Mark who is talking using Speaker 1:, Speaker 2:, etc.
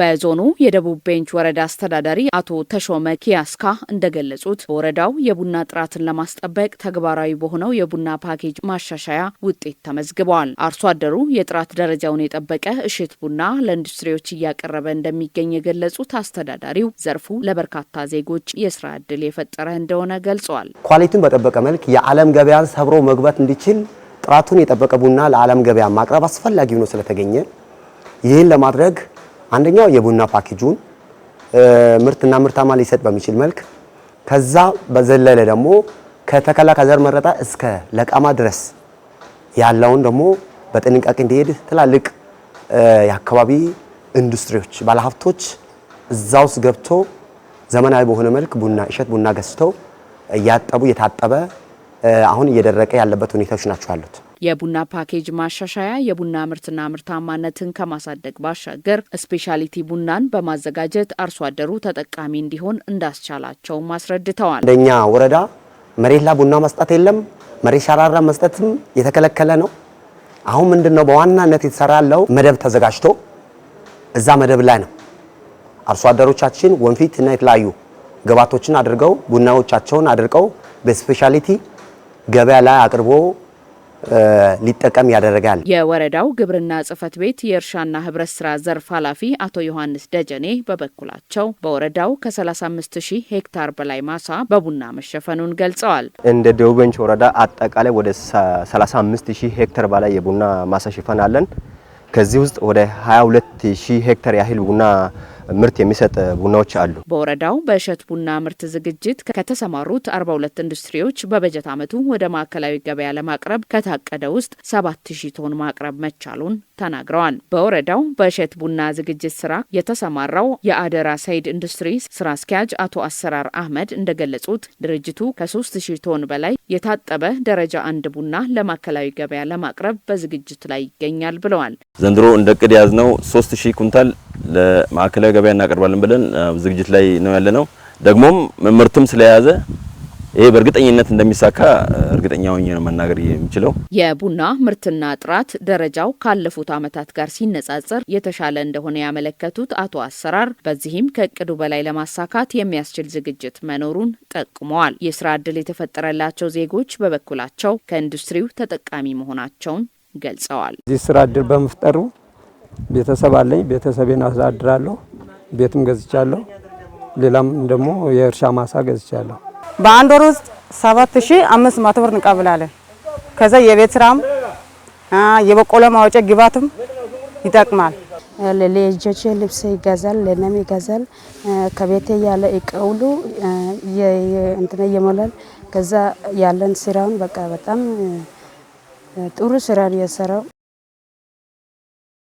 Speaker 1: በዞኑ የደቡብ ቤንች ወረዳ አስተዳዳሪ አቶ ተሾመ ኪያስካ እንደገለጹት በወረዳው የቡና ጥራትን ለማስጠበቅ ተግባራዊ በሆነው የቡና ፓኬጅ ማሻሻያ ውጤት ተመዝግበዋል። አርሶ አደሩ የጥራት ደረጃውን የጠበቀ እሽት ቡና ለኢንዱስትሪዎች እያቀረበ እንደሚገኝ የገለጹት አስተዳዳሪው ዘርፉ ለበርካታ ዜጎች የስራ ዕድል የፈጠረ እንደሆነ ገልጸዋል።
Speaker 2: ኳሊቲን በጠበቀ መልክ የዓለም ገበያን ሰብሮ መግባት እንዲችል ጥራቱን የጠበቀ ቡና ለዓለም ገበያ ማቅረብ አስፈላጊ ሆኖ ስለተገኘ ይህን ለማድረግ አንደኛው የቡና ፓኬጁን ምርትና ምርታማ ሊሰጥ በሚችል መልክ ከዛ በዘለለ ደግሞ ከተከላ ከዘር መረጣ እስከ ለቃማ ድረስ ያለውን ደግሞ በጥንቃቄ እንዲሄድ ትላልቅ የአካባቢ ኢንዱስትሪዎች ባለሀብቶች እዛ ውስጥ ገብቶ ዘመናዊ በሆነ መልክ ቡና እሸት ቡና ገዝተው እያጠቡ እየታጠበ አሁን እየደረቀ ያለበት ሁኔታዎች ናቸው አሉት።
Speaker 1: የቡና ፓኬጅ ማሻሻያ የቡና ምርትና ምርታማነትን ከማሳደግ ባሻገር ስፔሻሊቲ ቡናን በማዘጋጀት አርሶ አደሩ ተጠቃሚ እንዲሆን እንዳስቻላቸውም አስረድተዋል።
Speaker 2: እንደኛ ወረዳ መሬት ላይ ቡና መስጠት የለም፣ መሬት ሸራራ መስጠትም የተከለከለ ነው። አሁን ምንድን ነው በዋናነት የተሰራ መደብ ተዘጋጅቶ እዛ መደብ ላይ ነው አርሶ አደሮቻችን ወንፊት እና የተለያዩ ግባቶችን አድርገው ቡናዎቻቸውን አድርገው በስፔሻሊቲ ገበያ ላይ አቅርቦ ሊጠቀም ያደረጋል።
Speaker 1: የወረዳው ግብርና ጽህፈት ቤት የእርሻና ህብረት ስራ ዘርፍ ኃላፊ አቶ ዮሐንስ ደጀኔ በበኩላቸው በወረዳው ከ35 ሺህ ሄክታር በላይ ማሳ በቡና መሸፈኑን ገልጸዋል።
Speaker 3: እንደ ደቡብ ቤንች ወረዳ አጠቃላይ ወደ 35 ሺህ ሄክታር በላይ የቡና ማሳ ሽፈን አለን። ከዚህ ውስጥ ወደ 22 ሺህ ሄክታር ያህል ቡና ምርት የሚሰጥ ቡናዎች አሉ።
Speaker 1: በወረዳው በእሸት ቡና ምርት ዝግጅት ከተሰማሩት 42 ኢንዱስትሪዎች በበጀት ዓመቱ ወደ ማዕከላዊ ገበያ ለማቅረብ ከታቀደ ውስጥ 7000 ቶን ማቅረብ መቻሉን ተናግረዋል። በወረዳው በእሸት ቡና ዝግጅት ስራ የተሰማራው የአደራ ሰይድ ኢንዱስትሪ ስራ አስኪያጅ አቶ አሰራር አህመድ እንደገለጹት ድርጅቱ ከ3000 ቶን በላይ የታጠበ ደረጃ አንድ ቡና ለማዕከላዊ ገበያ ለማቅረብ በዝግጅት ላይ ይገኛል ብለዋል።
Speaker 4: ዘንድሮ እንደ ቅድ ያዝነው 3000 ኩንታል ለማዕከላዊ ገበያ እናቀርባለን ብለን ዝግጅት ላይ ነው ያለነው። ደግሞም ምርትም ስለያዘ ይሄ በእርግጠኝነት እንደሚሳካ እርግጠኛ ሆኜ ነው መናገር የምችለው።
Speaker 1: የቡና ምርትና ጥራት ደረጃው ካለፉት ዓመታት ጋር ሲነጻጸር የተሻለ እንደሆነ ያመለከቱት አቶ አሰራር በዚህም ከእቅዱ በላይ ለማሳካት የሚያስችል ዝግጅት መኖሩን ጠቁመዋል። የስራ ዕድል የተፈጠረላቸው ዜጎች በበኩላቸው ከኢንዱስትሪው ተጠቃሚ መሆናቸውን ገልጸዋል።
Speaker 5: እዚህ ስራ ዕድል በመፍጠሩ ቤተሰብ አለኝ። ቤተሰቤን አሳድራለሁ። ቤትም ገዝቻለሁ። ሌላም ደግሞ የእርሻ ማሳ ገዝቻለሁ።
Speaker 6: በአንድ ወር ውስጥ ሰባት ሺ አምስት መቶ ብር እንቀብላለን። ከዛ የቤት ስራም የበቆሎ ማውጫ ግባትም ይጠቅማል።
Speaker 7: ለልጆች ልብስ ይገዛል፣ ለነም ይገዛል። ከቤቴ ያለ እቃ እንትነ እንትን እየሞላል። ከዛ ያለን ስራውን በቃ በጣም ጥሩ ስራ ነው የሰራው።